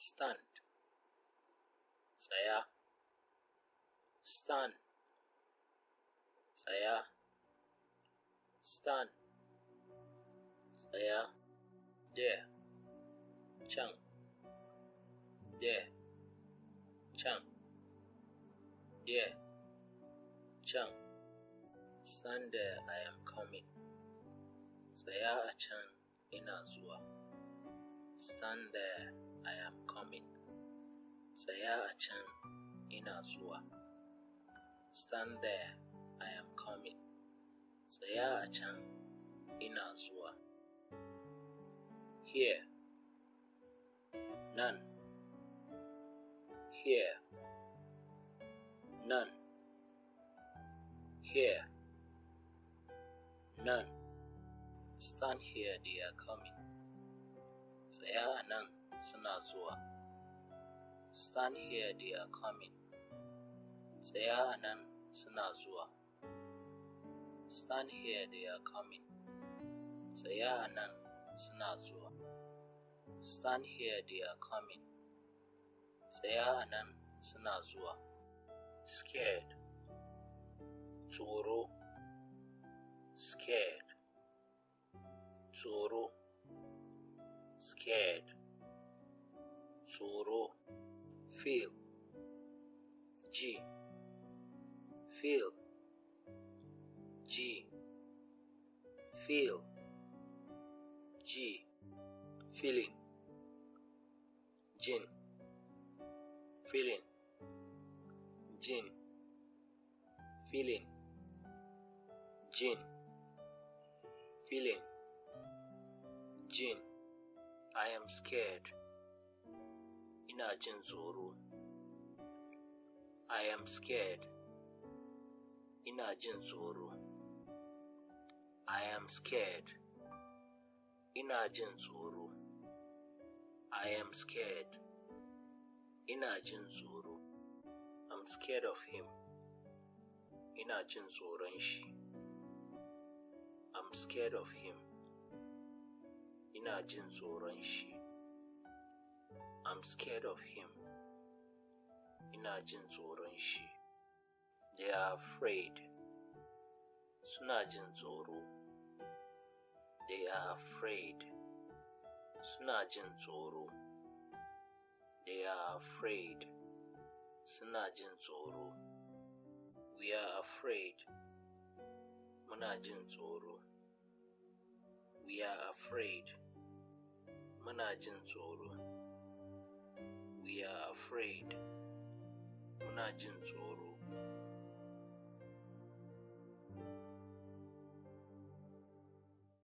stand Saya stand Saya stand Saya there Chang there Chang there Chang. stand there i am coming Saya a can ina zuwa stand there i am Tsaya a can ina zuwa. Stand there, I am coming. Tsaya a can ina zuwa. Here, nan. Here, nan. Here, nan. Stand here, they are coming. Tsaya a nan suna zuwa. Stand here, they are coming. Tsaya a nan suna zuwa. Stand here, they are coming. Tsaya a nan suna zuwa. Stand here, they are coming. Tsaya a nan suna zuwa. Scared. Tsoro. Scared. Tsoro. Scared. Tsoro. feel G feel G feel G feeling Jin. feeling Jin. feeling Jin. feeling Jin. I am scared ina jin tsoro i am scared ina jin tsoro i am scared ina jin tsoro i am scared ina jin tsoro i'm scared of him ina jin tsoron shi i'm scared of him ina jin tsoron shi I'm scared of him. Inajin jin They are afraid. Suna jin They are afraid. Suna jin They are afraid. Suna jin We are afraid. Muna jin We are afraid. Muna jin we are afraid.